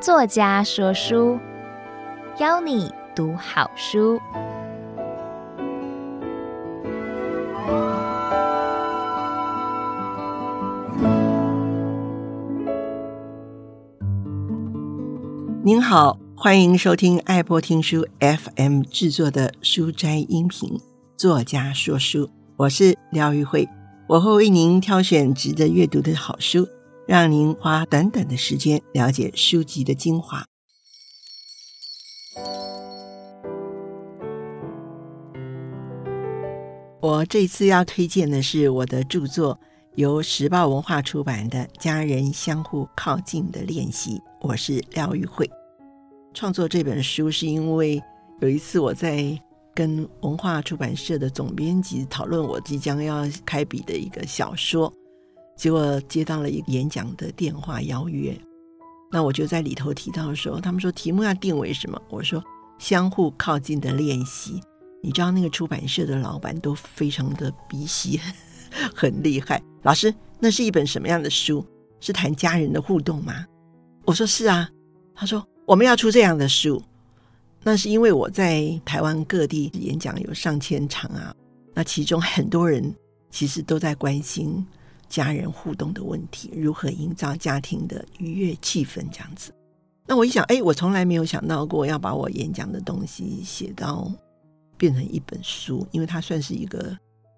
作家說書，邀你讀好書。您好，歡迎收聽愛播聽書 FM 製作的書齋音頻《作家說書》，我是廖玉蕙。我會為您挑選值得閱讀的好書，讓您花短短的時間了解書籍的精華。我這次要推薦的是我的著作，由時報文化出版的《家人相互靠近的練習》。我是廖玉蕙，創作這本書是因為有一次我在跟文化出版社的總編輯討論我即將要開筆的一個小說，結果接到了一個演講的電話邀約。那我就在裡頭提到說，他們說，題目要定為什麼？我說相互靠近的練習。你知道那個出版社的老闆都非常的鼻血很厲害。老師，那是一本什麼樣的書？是談家人的互動嗎？我說是啊。他說我們要出這樣的書。那是因為我在台灣各地演講有上千場啊，那其中很多人其實都在關心家人互動的問題，如何營造家庭的愉悅氣氛這樣子。那我一想，哎，我從來沒有想到過要把我演講的東西寫到變成一本書，因為它算是一個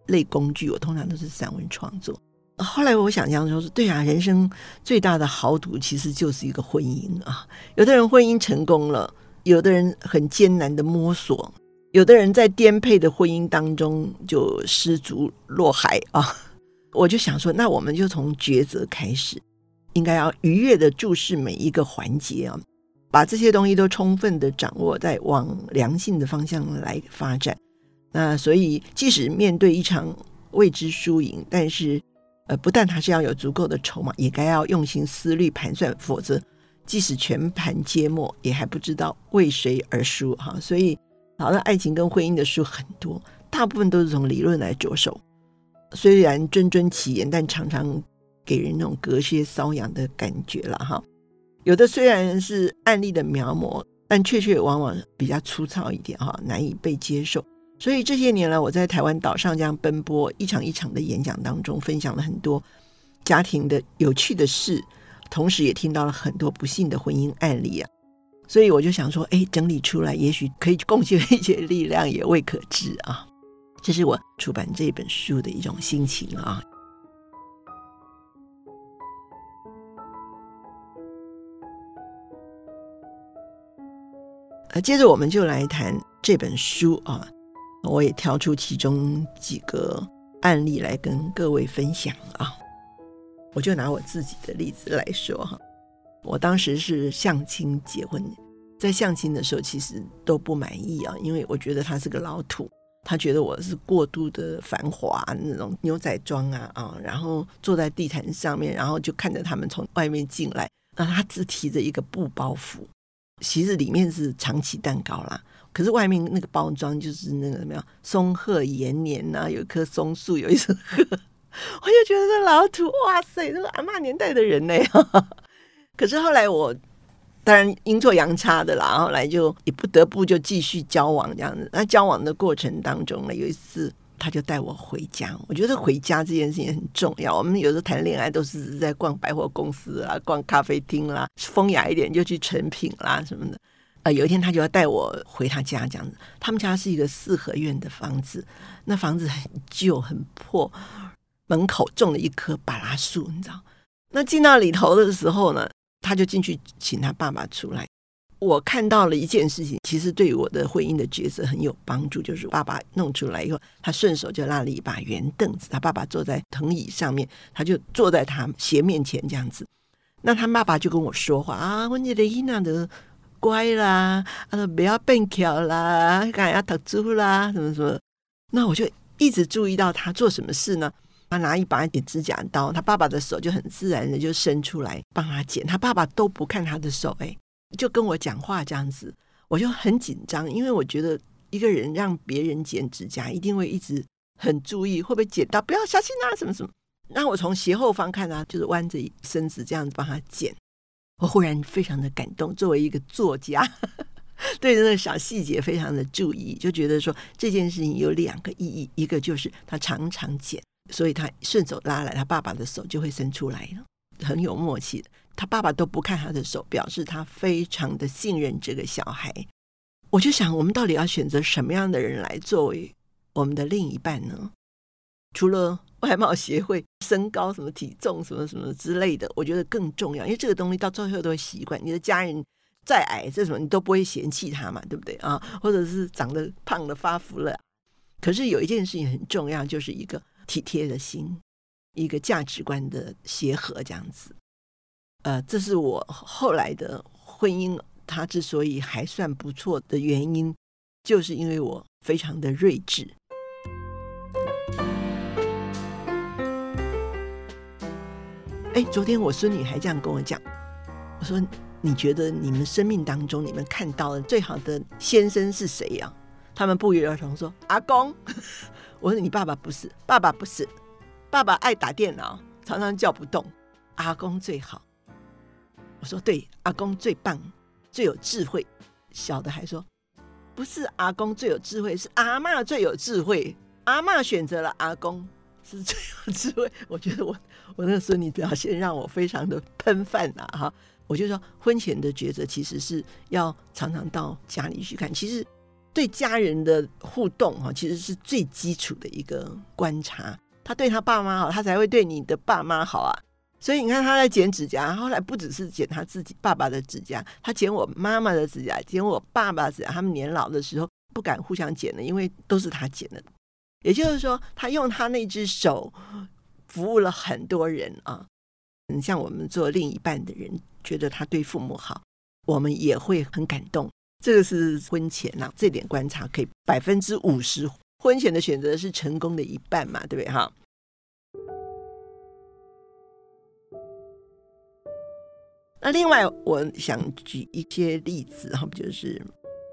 類工具。我通常都是散文創作。後來我想象說，對啊，人生最大的豪賭其實就是一個婚姻啊。有的人婚姻成功了。有的人很艱難的摸索，有的人在顛沛的婚姻當中就失足落海啊！ 我就想說，那我們就從抉擇開始，應該要愉悅的注視每一個環節啊，把這些東西都充分的掌握，再往良性的方向來發展。那所以，即使面對一場未知輸贏，但是呃，不但還是要有足夠的籌碼，也該要用心思慮盤算，否則。即使全盤皆墨，也還不知道為誰而輸哈。所以，好的愛情跟婚姻的書很多，大部分都是從理論來着手。雖然諄諄其言，但常常給人那種隔靴搔癢的感覺了哈。有的雖然是案例的描摹，但確確往往比較粗糙一點哈，難以被接受。所以這些年來，我在台灣島上這樣奔波，一場一場的演講當中，分享了很多家庭的有趣的事。同時也聽到了很多不幸的婚姻案例啊，所以我就想說，哎，整理出來，也許可以去貢獻一些力量，也未可知啊。這是我出版這本書的一種心情啊。呃，接着我們就來談這本書啊，我也挑出其中幾個案例來跟各位分享啊。我就拿我自己的例子來說哈，我當時是相親結婚，在相親的時候，其實都不滿意啊，因為我覺得他是個老土，他覺得我是過度的繁華那種牛仔裝啊啊，然後坐在地毯上面，然後就看着他們從外面進來，然後他只提着一個布包袱，其實裡面是長崎蛋糕啦，可是外面那個包裝就是那個什麼松鶴延年吶、啊，有一棵松樹，有一隻鶴。 我就覺得這老土，哇塞，那個阿嬤年代的人呢、欸。 可是後來我，當然陰錯陽差的啦，後來就也不得不就繼續交往這樣子。那交往的過程當中呢，有一次他就帶我回家，我覺得回家這件事情很重要。我們有時候談戀愛都是在逛百貨公司啊，逛咖啡廳啦，風雅一點就去誠品啦什麼的。啊，有一天他就要帶我回他家這樣子，他們家是一個四合院的房子，那房子很舊很破。門口種了一棵芭拉樹，你知道？那進到裡頭的時候呢，他就進去請他爸爸出來。我看到了一件事情，其實對於我的婚姻的角色很有幫助，就是爸爸弄出來以後，他順手就拉了一把圓凳子，他爸爸坐在藤椅上面，他就坐在他斜面前這樣子。那他爸爸就跟我說話啊，我的伊娜的乖啦，他說不要笨巧啦，敢要偷豬啦，什麼什麼。那我就一直注意到他做什麼事呢？他拿一把剪指甲刀，他爸爸的手就很自然的就伸出來幫他剪，他爸爸都不看他的手、欸，哎，就跟我講話這樣子，我就很緊張，因為我覺得一個人讓別人剪指甲，一定會一直很注意，會不會剪到，不要小心啊，什麼什麼。那我從斜後方看他，就是彎着身子這樣子幫他剪，我忽然非常的感動，作為一個作家， 對那個小細節非常的注意，就覺得說，這件事情有兩個意義，一個就是他常常剪。所以他順手拉來他爸爸的手就會伸出來了，很有默契的。他爸爸都不看他的手，表示他非常的信任這個小孩。我就想，我們到底要選擇什麼樣的人來作為我們的另一半呢？除了外貌協會、身高、什麼體重、什麼什麼之類的，我覺得更重要，因為這個東西到最後都會習慣。你的家人再矮這什麼，你都不會嫌棄他嘛，對不對？啊，或者是長得胖了、發福了，可是有一件事情很重要，就是一個。體貼的心，一個價值觀的協和，這樣子，呃，這是我後來的婚姻，它之所以還算不錯的原因，就是因為我非常的睿智。哎，昨天我孫女還這樣跟我講，我說你覺得你們生命當中你們看到的最好的先生是誰呀？他們不約而同說阿公。 我說：“你爸爸不是，爸爸不是，爸爸愛打電腦，常常叫不動。阿公最好。”我說：“對，阿公最棒，最有智慧。”小的還說：“不是阿公最有智慧，是阿嬤最有智慧。阿嬤選擇了阿公是最有智慧。”我覺得我我那個孫女表現讓我非常的噴飯吶、啊！哈，我就說婚前的抉擇其實是要常常到家裡去看，其實。對家人的互動哈，其實是最基礎的一個觀察。他對他爸媽好，他才會對你的爸媽好啊。所以你看，他在剪指甲，後來不只是剪他自己爸爸的指甲，他剪我媽媽的指甲，剪我爸爸的指甲。他們年老的時候不敢互相剪的，因為都是他剪的。也就是說，他用他那隻手服務了很多人啊。你像我們做另一半的人，覺得他對父母好，我們也會很感動。這個是婚前吶、啊，這點觀察可以百分之五十。婚前的選擇是成功的一半嘛，對不對哈？那另外，我想舉一些例子哈，就是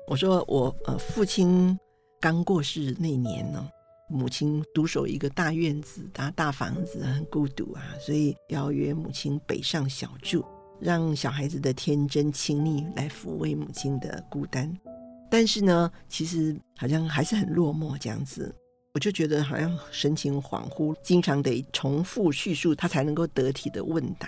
我說我呃父親剛過世那年呢，母親獨守一個大院子，大大房子，很孤獨啊，所以邀約母親北上小住。讓小孩子的天真親昵來撫慰母親的孤單，但是呢，其實好像還是很落寞這樣子。我就覺得好像神情恍惚，經常得重複敘述，他才能夠得體的問答。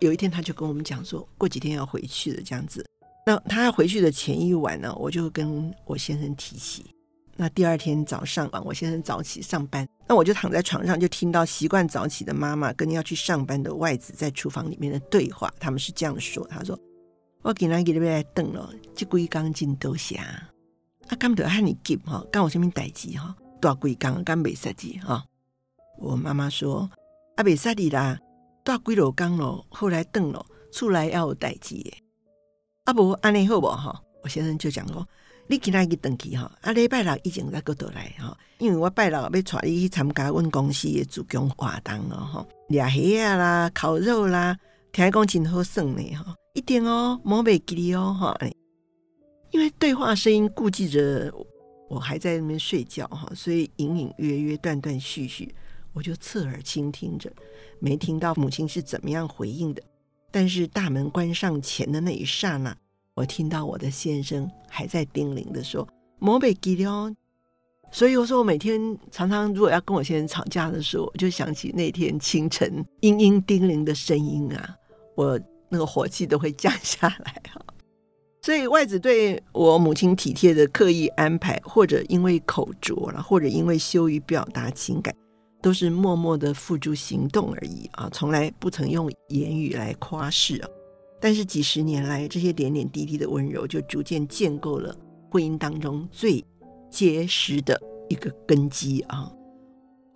有一天，他就跟我們講說，過幾天要回去了這樣子。那他要回去的前一晚呢，我就跟我先生提起。那第二天早上，啊，我先生早起上班，那我就躺在床上，就聽到習慣早起的媽媽跟要去上班的外子在廚房裡面的對話。他們是這樣說：“他說，我今天給那邊來燉了，這龜缸進都香。阿、啊、甘德喊你給哈，剛我這邊待機哈，大龜缸剛沒殺機哈。哦”我媽媽說：“阿、啊、沒殺的啦，大龜老缸咯，後來燉了，出來要有待機耶。啊”阿伯安尼好不哈、哦？我先生就講說。你今仔日等起哈，啊禮拜六以前再過到來哈，因為我拜六要帶你去參加阮公司的燭光活動哦哈，抓蝦啦、烤肉啦，聽講真好耍呢哈，一定哦，莫袂記了哦哈。因為對話聲音顧忌着我還在那邊睡覺哈，所以隱隱約約、斷斷續續，我就側耳傾聽着，沒聽到母親是怎麼樣回應的。但是大門關上前的那一剎那。我聽到我的先生還在叮嚀的說，莫被記了。所以我說，我每天常常如果要跟我先生吵架的時候，我就想起那天清晨嚶嚶叮嚀的聲音啊，我那個火氣都會降下來啊。所以外子對我母親體貼的刻意安排，或者因為口拙了，或者因為羞於表達情感，都是默默的付諸行動而已啊，從來不曾用言語來誇示但是幾十年來，這些點點滴滴的溫柔，就逐漸建構了婚姻當中最結實的一個根基啊！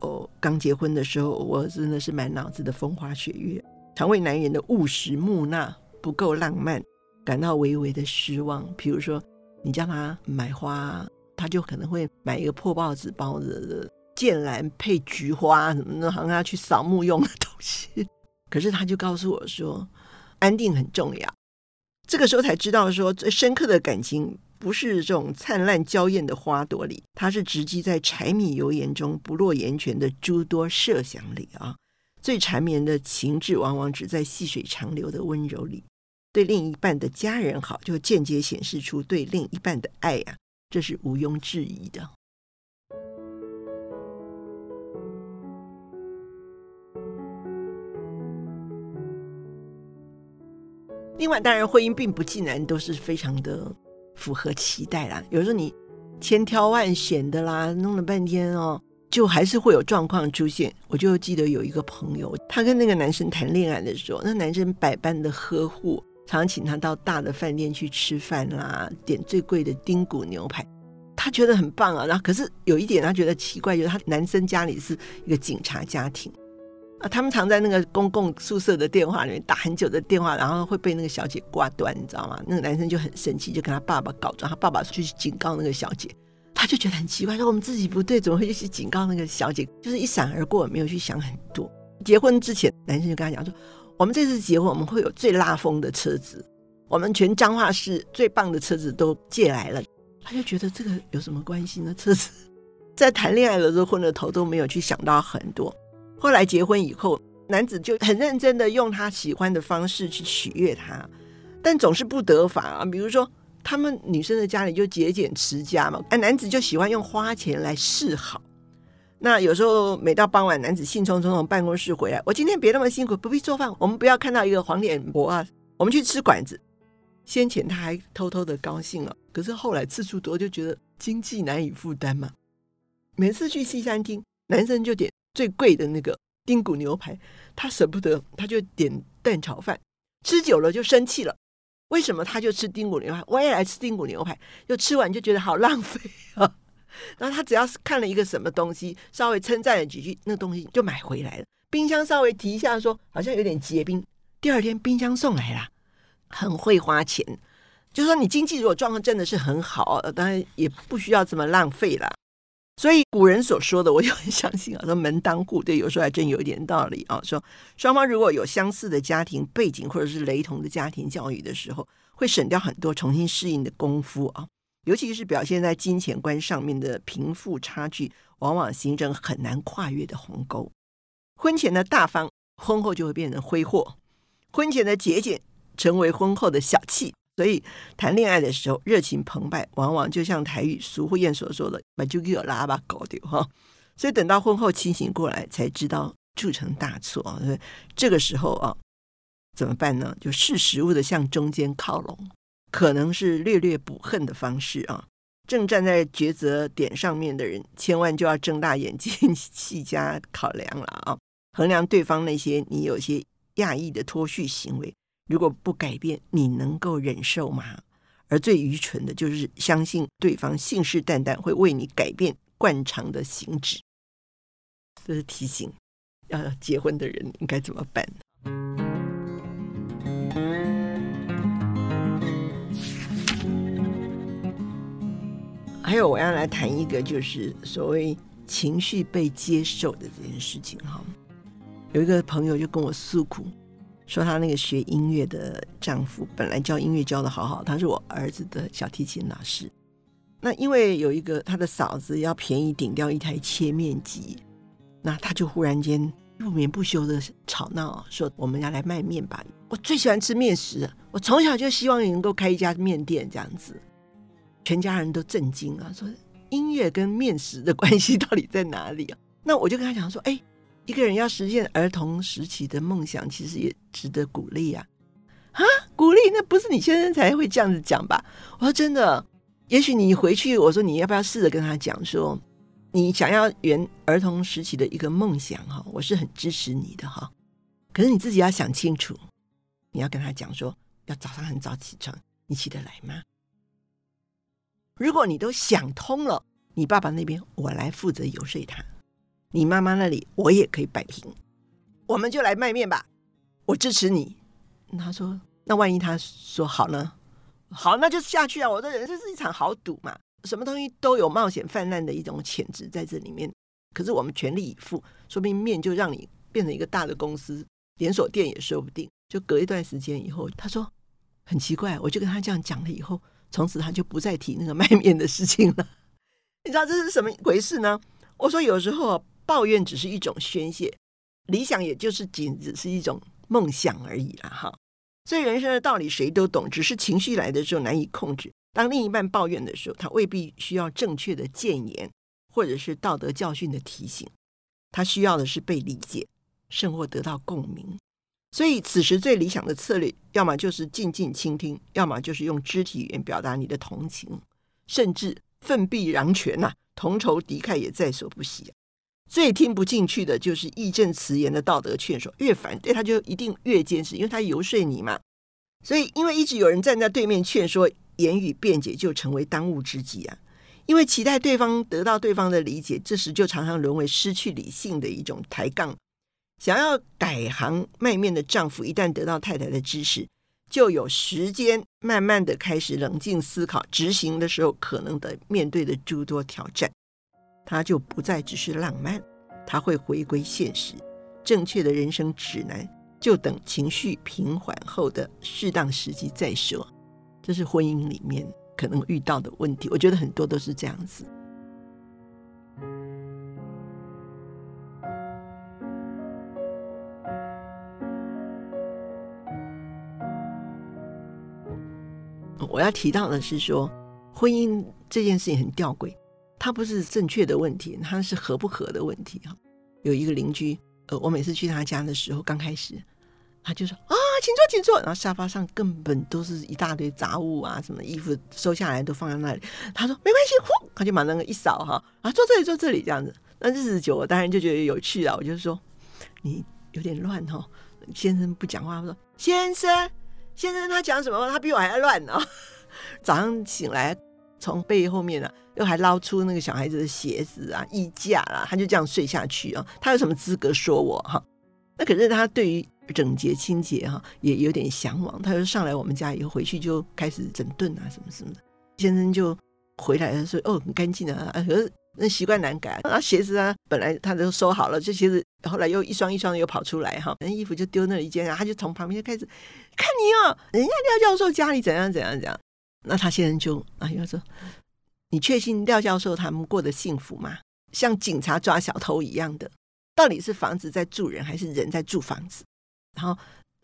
哦，剛結婚的時候，我真的是滿腦子的風花雪月，常為男人的務實木訥不夠浪漫感到微微的失望。比如說，你叫他買花，他就可能會買一個破報紙包着的劍蘭配菊花，什麼的，好像要去掃墓用的東西。可是他就告訴我說，安定很重要，這個時候才知道說，最深刻的感情不是這種燦爛嬌豔的花朵裡，它是植基在柴米油鹽中不落言筌的諸多設想裡啊。最纏綿的情致往往只在細水長流的溫柔裡。對另一半的家人好，就間接顯示出對另一半的愛呀、啊，這是毋庸置疑的。另外，當然婚姻並不盡然都是非常的符合期待啦。有時候你千挑萬選的啦，弄了半天哦，就還是會有狀況出現。我就記得有一個朋友，他跟那個男生談戀愛的時候，那男生百般的呵護，常常請他到大的飯店去吃飯啦，點最貴的丁骨牛排，他覺得很棒啊。然後可是有一點他覺得奇怪，就是他男生家裡是一個警察家庭。啊，他們常在那個公共宿舍的電話裡面打很久的電話，然後會被那個小姐掛斷，你知道嗎？那個男生就很生氣，就跟他爸爸告狀，他爸爸就去警告那個小姐，他就覺得很奇怪，說我們自己不對，怎麼會去警告那個小姐？就是一閃而過，沒有去想很多。結婚之前，男生就跟他講說，我們這次結婚，我們會有最拉風的車子，我們全彰化市最棒的車子都借來了。他就覺得這個有什麼關係呢？車子在談戀愛的時候昏了頭，都沒有去想到很多。後來結婚以後，男子就很認真的用他喜歡的方式去取悅她，但總是不得法啊。比如說，他們女生的家裡就節儉持家嘛，哎，男子就喜歡用花錢來示好。那有時候每到傍晚，男子興沖沖從辦公室回來，我今天別那麼辛苦，不必做飯，我們不要看到一個黃臉婆啊，我們去吃館子。先前他還偷偷的高興了啊，可是後來次數多就覺得經濟難以負擔嘛。每次去西餐廳，男生就點。最貴的那個丁骨牛排，他捨不得，他就點蛋炒飯，吃久了就生氣了，為什麼他就吃丁骨牛排？我也來吃丁骨牛排，就吃完就覺得好浪費啊。然後他只要是看了一個什麼東西，稍微稱讚了幾句，那東西就買回來了。冰箱稍微提一下說，好像有點結冰，第二天冰箱送來啦，很會花錢，就是說你經濟如果狀況真的是很好，當然也不需要這麼浪費啦。所以古人所說的，我也很相信啊，說門當戶對，有時候還真有一點道理啊。說雙方如果有相似的家庭背景或者是雷同的家庭教育的時候，會省掉很多重新適應的功夫啊。尤其是表現在金錢觀上面的貧富差距，往往形成很難跨越的鴻溝。婚前的大方，婚後就會變成揮霍；婚前的節儉，成為婚後的小氣。所以談戀愛的時候熱情澎湃，往往就像台語俗話諺所說的“把就給我拉吧搞丟哈、啊”，所以等到婚後清醒過來才知道鑄成大錯啊！所以這個時候啊，怎麼辦呢？就識時務的向中間靠攏，可能是略略補恨的方式啊。正站在抉擇點上面的人，千萬就要睜大眼睛細加 考量了啊！衡量對方那些你有些訝異的脫序行為。如果不改變，你能夠忍受嗎？而最愚蠢的就是相信對方信誓旦旦會為你改變慣常的行止，這是提醒要結婚的人應該怎麼辦。還有，我要來談一個就是所謂情緒被接受的這件事情。哈，有一個朋友就跟我訴苦。說她那個學音樂的丈夫，本來教音樂教得好好，他是我兒子的小提琴老師。那因為有一個他的嫂子要便宜頂掉一台切麵機，那她就忽然間不眠不休的吵鬧，說我們要來賣麵吧！我最喜歡吃麵食，我從小就希望能夠開一家麵店這樣子。全家人都震驚啊，說音樂跟麵食的關係到底在哪裡啊？那我就跟她講說，哎。一個人要實現兒童時期的夢想，其實也值得鼓勵啊！啊，鼓勵那不是你現在才會這樣子講吧？我說真的，也許你回去，我說你要不要試着跟他講說，你想要圓兒童時期的一個夢想哈，我是很支持你的哈。可是你自己要想清楚，你要跟他講說，要早上很早起床，你起得來嗎？如果你都想通了，你爸爸那邊我來負責遊說他。你媽媽那裡我也可以擺平，我們就來賣麵吧，我支持你。他說：“那萬一他說好呢？好，那就下去啊！我的人生是一場豪賭嘛，什麼東西都有冒險泛濫的一種潛質在這裡面。可是我們全力以赴，說不定麵就讓你變成一個大的公司連鎖店也說不定。就隔一段時間以後，他說很奇怪，我就跟他這樣講了以後，從此他就不再提那個賣麵的事情了。你知道這是什麼回事呢？我說有時候。抱怨只是一種宣洩，理想也就是僅只是一種夢想而已了、啊、哈。所以人生的道理誰都懂，只是情緒來的時候難以控制。當另一半抱怨的時候，他未必需要正確的諫言或者是道德教訓的提醒，他需要的是被理解，甚或得到共鳴。所以此時最理想的策略，要麼就是靜靜傾聽，要麼就是用肢體語言表達你的同情，甚至奮臂攘拳吶，同仇敵愾也在所不惜、啊。最聽不進去的就是義正辭嚴的道德勸說，越反對他就一定越堅持，因為他游說你嘛。所以，因為一直有人站在對面勸說，言語辯解就成為當務之急啊。因為期待對方得到對方的理解，這時就常常淪為失去理性的一種抬槓。想要改行賣麵的丈夫，一旦得到太太的支持，就有時間慢慢的開始冷靜思考，執行的時候可能得面對的諸多挑戰。他就不再只是浪漫，他會回歸現實。正確的人生指南，就等情緒平緩後的適當時機再說。這是婚姻裡面可能遇到的問題，我覺得很多都是這樣子。我要提到的是說，婚姻這件事情很吊詭。他不是正確的問題，他是合不合的問題哈。有一個鄰居，呃，我每次去他家的時候，剛開始，他就說啊，請坐，請坐，然後沙發上根本都是一大堆雜物啊，什麼衣服收下來都放在那裡。他說沒關係，呼，他就把那個一掃哈，啊，坐這裡，坐這裡，這樣子。那日子久我當然就覺得有趣了。我就說你有點亂哈，先生不講話，我說先生，先生他講什麼話？他比我還要亂呢。 早上醒來。從背後面啊，又還撈出那個小孩子的鞋子啊、衣架啊，他就這樣睡下去啊。他有什麼資格說我哈、啊？那可是他對於整潔清潔哈、啊，也有點向往。他就上來我們家以後，回去就開始整頓啊，什麼什麼的。先生就回來了，說哦，很乾淨啊。可、啊、是那習慣難改啊，然後鞋子啊，本來他都收好了，這鞋子後來又一雙一雙又跑出來哈、啊。那衣服就丟那一間啊，他就從旁邊就開始看你啊，人家廖教授家裡怎樣怎樣怎樣，怎樣。那他現在就啊，又說：“你確信廖教授他們過得幸福嗎？像警察抓小偷一樣的，到底是房子在住人，還是人在住房子？”然後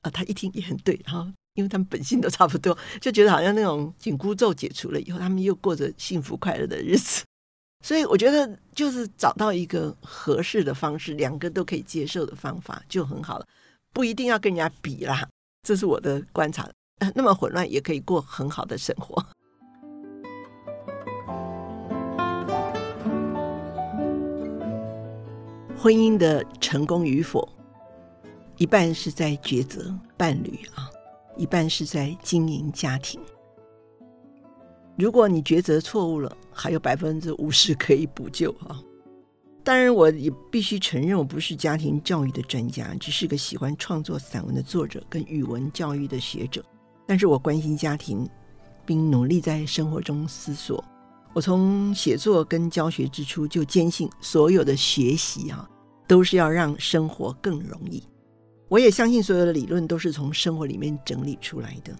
啊，他一聽也很對。然後因為他們本性都差不多，就覺得好像那種緊箍咒解除了以後，他們又過着幸福快樂的日子。所以我覺得，就是找到一個合適的方式，兩個都可以接受的方法就很好了，不一定要跟人家比啦。這是我的觀察。那麼混亂也可以過很好的生活。婚姻的成功與否，一半是在抉擇伴侶啊，一半是在經營家庭。如果你抉擇錯誤了，還有百分之五十可以補救啊。當然，我也必須承認，我不是家庭教育的專家，只是個喜歡創作散文的作者，跟語文教育的學者。但是我關心家庭，並努力在生活中思索。我從寫作跟教學之初就堅信，所有的學習哈、啊，都是要讓生活更容易。我也相信所有的理論都是從生活裡面整理出來的、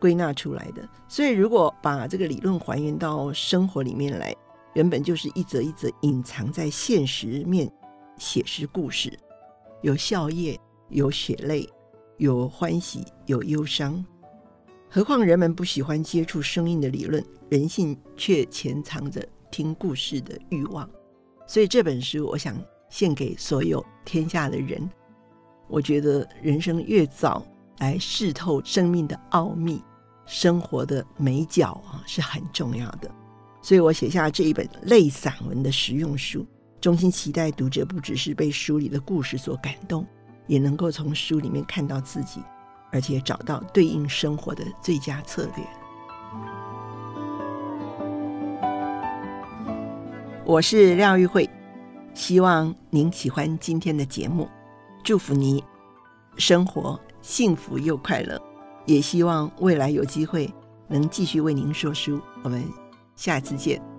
歸納出來的。所以，如果把這個理論還原到生活裡面來，原本就是一則一則隱藏在現實面寫實故事，有笑靨，有血淚，有歡喜，有憂傷。何況人們不喜歡接觸生硬的理論，人性卻潛藏着聽故事的欲望。所以這本書，我想獻給所有天下的人。我覺得人生越早來試透生命的奧秘、生活的美角啊，是很重要的。所以我寫下這一本類散文的實用書，衷心期待讀者不只是被書裡的故事所感動，也能夠從書裡面看到自己。而且找到對應生活的最佳策略。我是廖玉蕙，希望您喜歡今天的節目，祝福你生活幸福又快樂，也希望未來有機會能繼續為您說書。我們下次見。